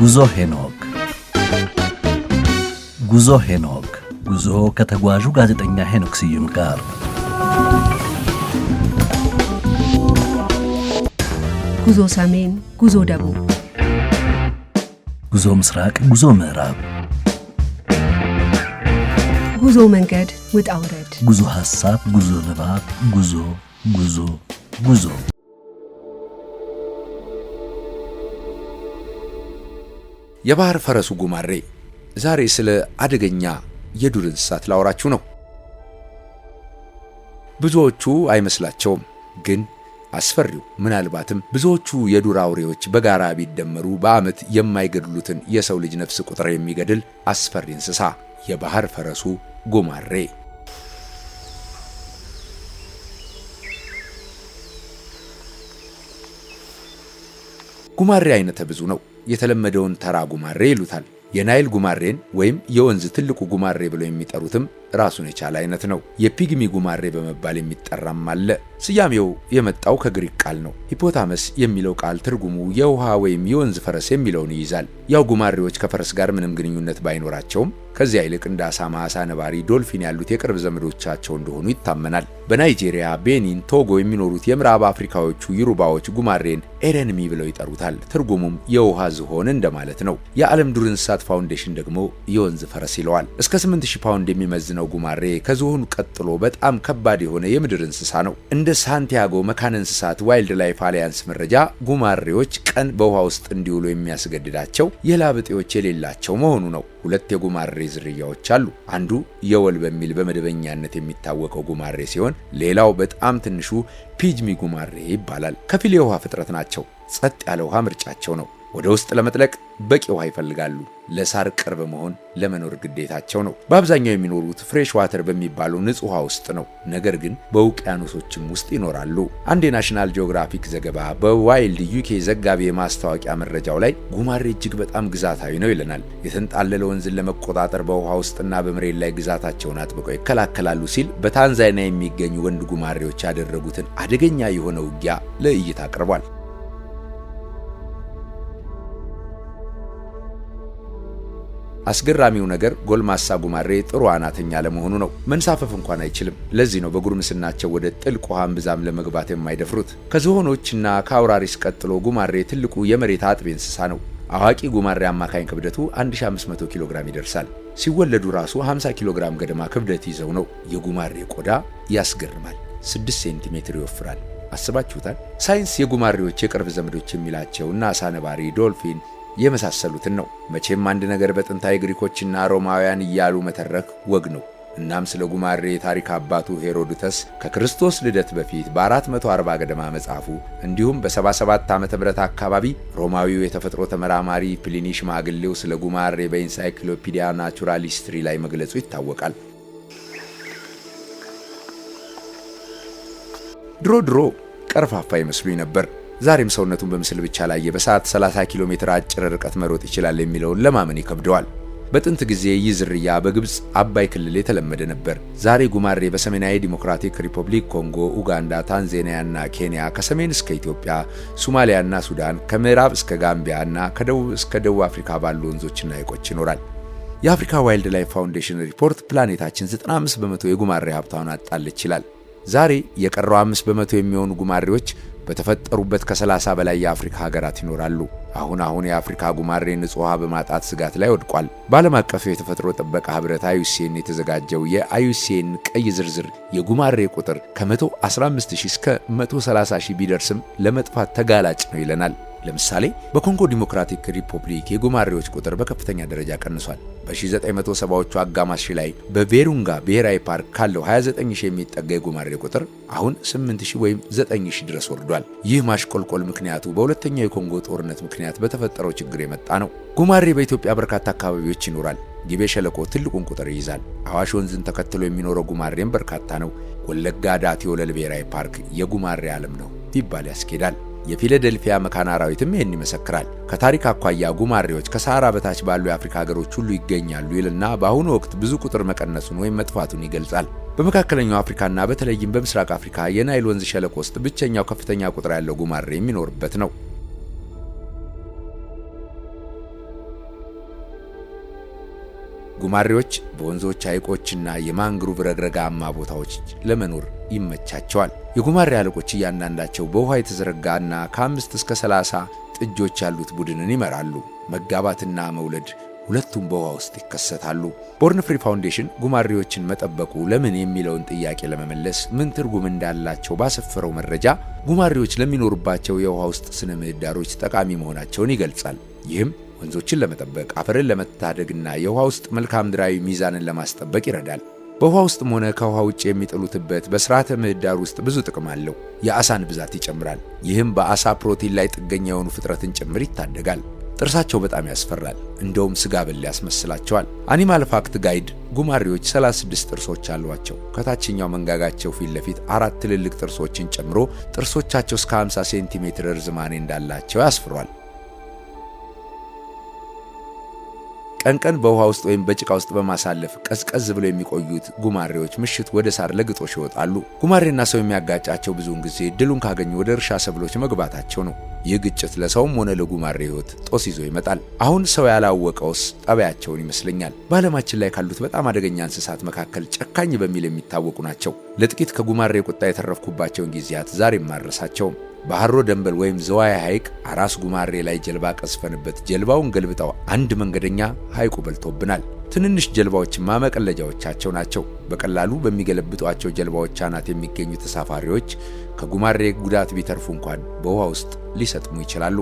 ጉዞ ሄኖክ ጉዞ ሄኖክ ጉዞ ከተጓዡ ጋዜጠኛ ሄኖክ ስዩም ጋር ጉዞ ሰሜን፣ ጉዞ ደቡብ፣ ጉዞ ምስራቅ፣ ጉዞ ምዕራብ፣ ጉዞ መንገድ ውጣ ውረድ፣ ጉዞ ሐሳብ፣ ጉዞ ንባብ፣ ጉዞ ጉዞ ጉዞ የባህር ፈረሱ ጉማሬ። ዛሬ ስለ አደገኛ የዱር እንስሳት ላወራችሁ ነው። ብዙዎቹ አይመስላቸውም፣ ግን አስፈሪው ምናልባትም ብዙዎቹ የዱር አውሬዎች በጋራ ቢደመሩ በዓመት የማይገድሉትን የሰው ልጅ ነፍስ ቁጥር የሚገድል አስፈሪ እንስሳ የባህር ፈረሱ ጉማሬ። ጉማሬ አይነተ ብዙ ነው። የተለመደውን ተራ ጉማሬ ይሉታል። የናይል ጉማሬን ወይም የወንዝ ትልቁ ጉማሬ ብለው የሚጠሩትም ራሱን የቻለ አይነት ነው። የፒግሚ ጉማሬ በመባል የሚጠራም አለ። ስያሜው የመጣው ከግሪክ ቃል ነው። ሂፖታመስ የሚለው ቃል ትርጉሙ የውሃ ወይም የወንዝ ፈረስ የሚለውን ይይዛል። ያው ጉማሬዎች ከፈረስ ጋር ምንም ግንኙነት ባይኖራቸውም ከዚያ ይልቅ እንደ አሳማ፣ አሳ ነባሪ፣ ዶልፊን ያሉት የቅርብ ዘመዶቻቸው እንደሆኑ ይታመናል። በናይጄሪያ፣ ቤኒን፣ ቶጎ የሚኖሩት የምዕራብ አፍሪካዎቹ ይሩባዎች ጉማሬን ኤረንሚ ብለው ይጠሩታል። ትርጉሙም የውሃ ዝሆን እንደማለት ነው። የዓለም ዱር እንስሳት ፋውንዴሽን ደግሞ የወንዝ ፈረስ ይለዋል። እስከ 8000 ፓውንድ የሚመዝነው ነው። ጉማሬ ከዝሆኑ ቀጥሎ በጣም ከባድ የሆነ የምድር እንስሳ ነው። እንደ ሳንቲያጎ መካነ እንስሳት ዋይልድ ላይፍ አሊያንስ መረጃ ጉማሬዎች ቀን በውሃ ውስጥ እንዲውሉ የሚያስገድዳቸው የላብ እጢዎች የሌላቸው መሆኑ ነው። ሁለት የጉማሬ ዝርያዎች አሉ። አንዱ የወል በሚል በመደበኛነት የሚታወቀው ጉማሬ ሲሆን ሌላው በጣም ትንሹ ፒጅሚ ጉማሬ ይባላል። ከፊል የውሃ ፍጥረት ናቸው። ጸጥ ያለ ውሃ ምርጫቸው ነው። ወደ ውስጥ ለመጥለቅ በቂ ውሃ ይፈልጋሉ። ለሳር ቅርብ መሆን ለመኖር ግዴታቸው ነው። በአብዛኛው የሚኖሩት ፍሬሽ ዋተር በሚባለው ንጹህ ውሃ ውስጥ ነው። ነገር ግን በውቅያኖሶችም ውስጥ ይኖራሉ። አንድ የናሽናል ጂኦግራፊክ ዘገባ በዋይልድ ዩኬ ዘጋቢ የማስታወቂያ መረጃው ላይ ጉማሬ እጅግ በጣም ግዛታዊ ነው ይለናል። የተንጣለለ ወንዝን ለመቆጣጠር በውሃ ውስጥና በመሬት ላይ ግዛታቸውን አጥብቀው ይከላከላሉ ሲል በታንዛኒያ የሚገኙ ወንድ ጉማሬዎች ያደረጉትን አደገኛ የሆነ ውጊያ ለእይታ አቅርቧል። አስገራሚው ነገር ጎልማሳ ጉማሬ ጥሩ አናተኛ ለመሆኑ ነው። መንሳፈፍ እንኳን አይችልም። ለዚህ ነው በጉርምስናቸው ወደ ጥልቅ ውሃ እምብዛም ለመግባት የማይደፍሩት። ከዝሆኖችና ከአውራሪስ ቀጥሎ ጉማሬ ትልቁ የመሬት አጥቢ እንስሳ ነው። አዋቂ ጉማሬ አማካኝ ክብደቱ 1500 ኪሎ ግራም ይደርሳል። ሲወለዱ ራሱ 50 ኪሎ ግራም ገደማ ክብደት ይዘው ነው። የጉማሬ ቆዳ ያስገርማል። 6 ሴንቲሜትር ይወፍራል። አስባችሁታል? ሳይንስ የጉማሬዎች የቅርብ ዘመዶች የሚላቸው እና ነባሪ፣ ዶልፊን የመሳሰሉትን ነው። መቼም አንድ ነገር በጥንታዊ ግሪኮችና ሮማውያን እያሉ መተረክ ወግ ነው። እናም ስለ ጉማሬ የታሪክ አባቱ ሄሮድተስ ከክርስቶስ ልደት በፊት በ440 ገደማ መጽሐፉ እንዲሁም በ77 ዓመተ ምህረት አካባቢ ሮማዊው የተፈጥሮ ተመራማሪ ፕሊኒ ሽማግሌው ስለ ጉማሬ በኢንሳይክሎፒዲያ ናቹራል ሂስትሪ ላይ መግለጹ ይታወቃል። ድሮ ድሮ ቀርፋፋ ይመስሉኝ ነበር። ዛሬም ሰውነቱን በምስል ብቻ ላየ በሰዓት 30 ኪሎ ሜትር አጭር ርቀት መሮጥ ይችላል የሚለውን ለማመን ይከብደዋል። በጥንት ጊዜ ይህ ዝርያ በግብፅ አባይ ክልል የተለመደ ነበር። ዛሬ ጉማሬ በሰሜናዊ ዲሞክራቲክ ሪፐብሊክ ኮንጎ፣ ኡጋንዳ፣ እና ኬንያ፣ ከሰሜን እስከ ኢትዮጵያ፣ ሶማሊያና ሱዳን፣ ከምዕራብ እስከ ጋምቢያ እና ከደቡብ እስከ ደቡብ አፍሪካ ባሉ ወንዞችና ሐይቆች ይኖራል። የአፍሪካ ዋይልድ ላይፍ ፋውንዴሽን ሪፖርት ፕላኔታችን 95 በመቶ የጉማሬ ሀብታውን አጣለች ይላል። ዛሬ የቀረው አምስት በመቶ የሚሆኑ ጉማሬዎች በተፈጠሩበት ከ30 በላይ የአፍሪካ ሀገራት ይኖራሉ። አሁን አሁን የአፍሪካ ጉማሬ ንጹህ ውሃ በማጣት ስጋት ላይ ወድቋል። በዓለም አቀፍ የተፈጥሮ ጥበቃ ህብረት አዩሲኤን የተዘጋጀው የአዩሲኤን ቀይ ዝርዝር የጉማሬ ቁጥር ከ 115000 እስከ 130000 ሺህ ቢደርስም ለመጥፋት ተጋላጭ ነው ይለናል። ለምሳሌ በኮንጎ ዲሞክራቲክ ሪፐብሊክ የጉማሬዎች ቁጥር በከፍተኛ ደረጃ ቀንሷል። በ1970ዎቹ አጋማሽ ላይ በቬሩንጋ ብሔራዊ ፓርክ ካለው 29000 የሚጠጋ የጉማሬ ቁጥር አሁን 8000 ወይም 9000 ድረስ ወርዷል። ይህ ማሽቆልቆል ምክንያቱ በሁለተኛው የኮንጎ ጦርነት ምክንያት በተፈጠረው ችግር የመጣ ነው። ጉማሬ በኢትዮጵያ በርካታ አካባቢዎች ይኖራል። ጊቤ ሸለቆ ትልቁን ቁጥር ይይዛል። አዋሽ ወንዝን ተከትሎ የሚኖረው ጉማሬም በርካታ ነው። ወለጋ ዳቲ ወለል ብሔራዊ ፓርክ የጉማሬ ዓለም ነው ቢባል ያስኬዳል። የፊላደልፊያ መካነ አራዊትም ይህን ይመሰክራል። ከታሪክ አኳያ ጉማሬዎች ከሰሃራ በታች ባሉ የአፍሪካ ሀገሮች ሁሉ ይገኛሉ ይልና በአሁኑ ወቅት ብዙ ቁጥር መቀነሱን ወይም መጥፋቱን ይገልጻል። በመካከለኛው አፍሪካና በተለይም በምስራቅ አፍሪካ የናይል ወንዝ ሸለቆ ውስጥ ብቸኛው ከፍተኛ ቁጥር ያለው ጉማሬ የሚኖርበት ነው። ጉማሬዎች በወንዞች ሐይቆችና የማንግሩቭ ረግረጋማ ቦታዎች ለመኖር ይመቻቸዋል። የጉማሬ አለቆች እያንዳንዳቸው በውኃ የተዘረጋና ከአምስት እስከ ሰላሳ ጥጆች ያሉት ቡድንን ይመራሉ። መጋባትና መውለድ ሁለቱም በውኃ ውስጥ ይከሰታሉ። ቦርን ፍሪ ፋውንዴሽን ጉማሬዎችን መጠበቁ ለምን የሚለውን ጥያቄ ለመመለስ ምን ትርጉም እንዳላቸው ባሰፈረው መረጃ ጉማሬዎች ለሚኖሩባቸው የውኃ ውስጥ ስነ ምህዳሮች ጠቃሚ መሆናቸውን ይገልጻል። ይህም ወንዞችን ለመጠበቅ አፈርን ለመታደግና የውኃ ውስጥ መልክዓ ምድራዊ ሚዛንን ለማስጠበቅ ይረዳል። በውሃ ውስጥም ሆነ ከውሃ ውጭ የሚጥሉትበት በስርዓተ ምህዳር ውስጥ ብዙ ጥቅም አለው። የአሳን ብዛት ይጨምራል። ይህም በአሳ ፕሮቲን ላይ ጥገኛ የሆኑ ፍጥረትን ጭምር ይታደጋል። ጥርሳቸው በጣም ያስፈራል፣ እንደውም ስጋ በል ያስመስላቸዋል። አኒማል ፋክት ጋይድ ጉማሬዎች 36 ጥርሶች አሏቸው። ከታችኛው መንጋጋቸው ፊት ለፊት አራት ትልልቅ ጥርሶችን ጨምሮ ጥርሶቻቸው እስከ 50 ሴንቲሜትር ርዝማኔ እንዳላቸው ያስፍሯል። ቀን ቀን በውሃ ውስጥ ወይም በጭቃ ውስጥ በማሳለፍ ቀዝቀዝ ብለው የሚቆዩት ጉማሬዎች ምሽት ወደ ሳር ለግጦሽ ይወጣሉ። ጉማሬና ሰው የሚያጋጫቸው ብዙውን ጊዜ ድሉን ካገኙ ወደ እርሻ ሰብሎች መግባታቸው ነው። ይህ ግጭት ለሰውም ሆነ ለጉማሬ ሕይወት ጦስ ይዞ ይመጣል። አሁን ሰው ያላወቀውስ ጠባያቸውን ይመስለኛል። በዓለማችን ላይ ካሉት በጣም አደገኛ እንስሳት መካከል ጨካኝ በሚል የሚታወቁ ናቸው። ለጥቂት ከጉማሬ ቁጣ የተረፍኩባቸውን ጊዜያት ዛሬም አልረሳቸውም። ባህሮ ደንበል ወይም ዘዋይ ሐይቅ አራስ ጉማሬ ላይ ጀልባ ቀስፈንበት ጀልባውን ገልብጠው አንድ መንገደኛ ሐይቁ በልቶብናል። ትንንሽ ጀልባዎችማ መቀለጃዎቻቸው ናቸው። በቀላሉ በሚገለብጧቸው ጀልባዎች አናት የሚገኙ ተሳፋሪዎች ከጉማሬ ጉዳት ቢተርፉ እንኳን በውሃ ውስጥ ሊሰጥሙ ይችላሉ።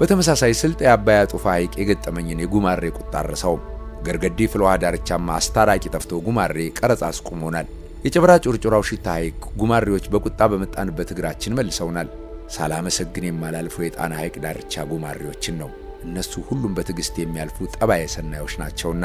በተመሳሳይ ስልት የአባይ አጡፋ ሐይቅ የገጠመኝን የጉማሬ ቁጣ አረሳውም። ገርገዴ ፍለውሃ ዳርቻማ አስታራቂ ጠፍቶ ጉማሬ ቀረጻ አስቁሞናል። የጨበራ ጩርጩራው ሽታ ሐይቅ ጉማሬዎች በቁጣ በመጣንበት እግራችን መልሰውናል። ሳላመሰግን የማላልፈው የጣና ሐይቅ ዳርቻ ጉማሬዎችን ነው። እነሱ ሁሉም በትዕግሥት የሚያልፉ ጠባየ ሰናዮች ናቸውና።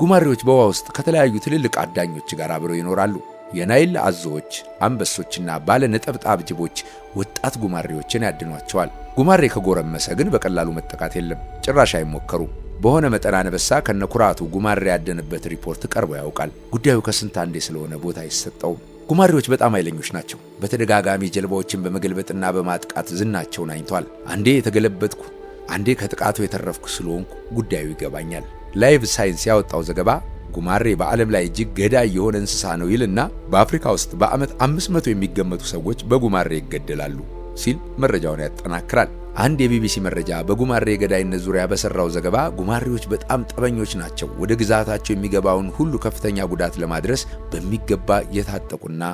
ጉማሬዎች በውሃ ውስጥ ከተለያዩ ትልልቅ አዳኞች ጋር አብረው ይኖራሉ። የናይል አዞዎች፣ አንበሶችና ባለ ነጠብጣብ ጅቦች ወጣት ጉማሬዎችን ያድኗቸዋል። ጉማሬ ከጎረመሰ ግን በቀላሉ መጠቃት የለም፣ ጭራሽ አይሞከሩም። በሆነ መጠን አንበሳ ከነኩራቱ ጉማሬ ያደነበት ሪፖርት ቀርቦ ያውቃል። ጉዳዩ ከስንት አንዴ ስለሆነ ቦታ አይሰጠውም። ጉማሬዎች በጣም ኃይለኞች ናቸው። በተደጋጋሚ ጀልባዎችን በመገልበጥና በማጥቃት ዝናቸውን አኝተዋል። አንዴ የተገለበጥኩ፣ አንዴ ከጥቃቱ የተረፍኩ ስለሆንኩ ጉዳዩ ይገባኛል። ላይቭ ሳይንስ ያወጣው ዘገባ ጉማሬ በዓለም ላይ እጅግ ገዳይ የሆነ እንስሳ ነው ይልና በአፍሪካ ውስጥ በዓመት 500 የሚገመቱ ሰዎች በጉማሬ ይገደላሉ ሲል መረጃውን ያጠናክራል። አንድ የቢቢሲ መረጃ በጉማሬ ገዳይነት ዙሪያ በሰራው ዘገባ ጉማሬዎች በጣም ጠበኞች ናቸው፣ ወደ ግዛታቸው የሚገባውን ሁሉ ከፍተኛ ጉዳት ለማድረስ በሚገባ የታጠቁና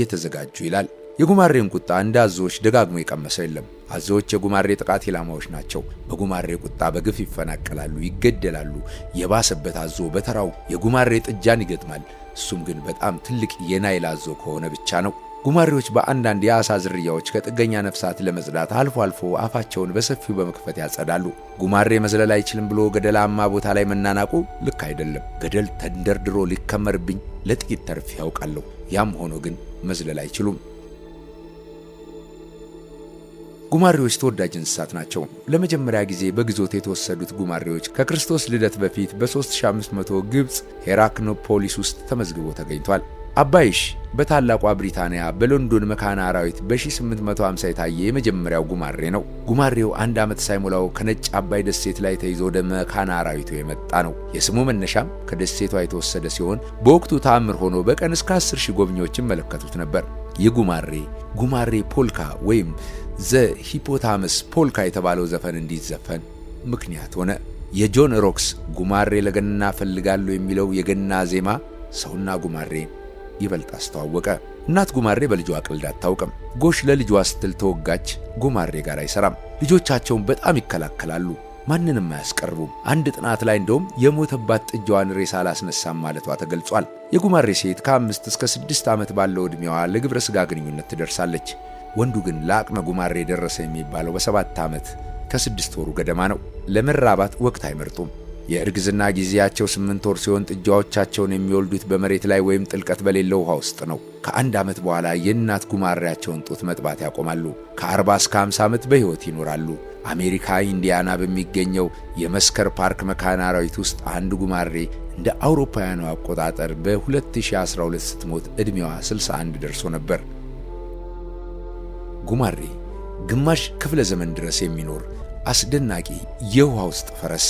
የተዘጋጁ ይላል። የጉማሬን ቁጣ እንደ አዞዎች ደጋግሞ የቀመሰ የለም። አዞዎች የጉማሬ ጥቃት ኢላማዎች ናቸው። በጉማሬ ቁጣ በግፍ ይፈናቀላሉ፣ ይገደላሉ። የባሰበት አዞ በተራው የጉማሬ ጥጃን ይገጥማል። እሱም ግን በጣም ትልቅ የናይል አዞ ከሆነ ብቻ ነው። ጉማሬዎች በአንዳንድ የአሳ ዝርያዎች ከጥገኛ ነፍሳት ለመጽዳት አልፎ አልፎ አፋቸውን በሰፊው በመክፈት ያጸዳሉ። ጉማሬ መዝለል አይችልም ብሎ ገደላማ ቦታ ላይ መናናቁ ልክ አይደለም። ገደል ተንደርድሮ ሊከመርብኝ ለጥቂት ተርፍ ያውቃለሁ። ያም ሆኖ ግን መዝለል አይችሉም። ጉማሬዎች ተወዳጅ እንስሳት ናቸው። ለመጀመሪያ ጊዜ በግዞት የተወሰዱት ጉማሬዎች ከክርስቶስ ልደት በፊት በ3500 ግብፅ ሄራክኖፖሊስ ውስጥ ተመዝግቦ ተገኝቷል። አባይሽ በታላቋ ብሪታንያ በሎንዶን መካነ አራዊት በ1850 የታየ የመጀመሪያው ጉማሬ ነው። ጉማሬው አንድ ዓመት ሳይሞላው ከነጭ አባይ ደሴት ላይ ተይዞ ወደ መካነ አራዊቱ የመጣ ነው። የስሙ መነሻም ከደሴቷ የተወሰደ ሲሆን በወቅቱ ተአምር ሆኖ በቀን እስከ 10 ሺህ ጎብኚዎች ይመለከቱት ነበር። ይህ ጉማሬ ጉማሬ ፖልካ ወይም ዘ ሂፖታመስ ፖልካ የተባለው ዘፈን እንዲዘፈን ምክንያት ሆነ። የጆን ሮክስ ጉማሬ ለገና ፈልጋለሁ የሚለው የገና ዜማ ሰውና ጉማሬ ይበልጥ አስተዋወቀ። እናት ጉማሬ በልጇ ቀልድ አታውቅም። ጎሽ ለልጇ ስትል ተወጋች ጉማሬ ጋር አይሰራም። ልጆቻቸውን በጣም ይከላከላሉ፣ ማንንም አያስቀርቡም። አንድ ጥናት ላይ እንደውም የሞተባት ጥጃዋን ሬሳ አላስነሳም ማለቷ ተገልጿል። የጉማሬ ሴት ከአምስት እስከ ስድስት ዓመት ባለው ዕድሜዋ ለግብረ ሥጋ ግንኙነት ትደርሳለች። ወንዱ ግን ለአቅመ ጉማሬ ደረሰ የሚባለው በሰባት ዓመት ከስድስት ወሩ ገደማ ነው። ለመራባት ወቅት አይመርጡም። የእርግዝና ጊዜያቸው ስምንት ወር ሲሆን ጥጃዎቻቸውን የሚወልዱት በመሬት ላይ ወይም ጥልቀት በሌለው ውሃ ውስጥ ነው። ከአንድ ዓመት በኋላ የእናት ጉማሬያቸውን ጡት መጥባት ያቆማሉ። ከ40 እስከ 50 ዓመት በሕይወት ይኖራሉ። አሜሪካ ኢንዲያና በሚገኘው የመስከር ፓርክ መካነ አራዊት ውስጥ አንድ ጉማሬ እንደ አውሮፓውያኑ አቆጣጠር በ2012 ስትሞት ዕድሜዋ 61 ደርሶ ነበር። ጉማሬ ግማሽ ክፍለ ዘመን ድረስ የሚኖር አስደናቂ የውሃ ውስጥ ፈረስ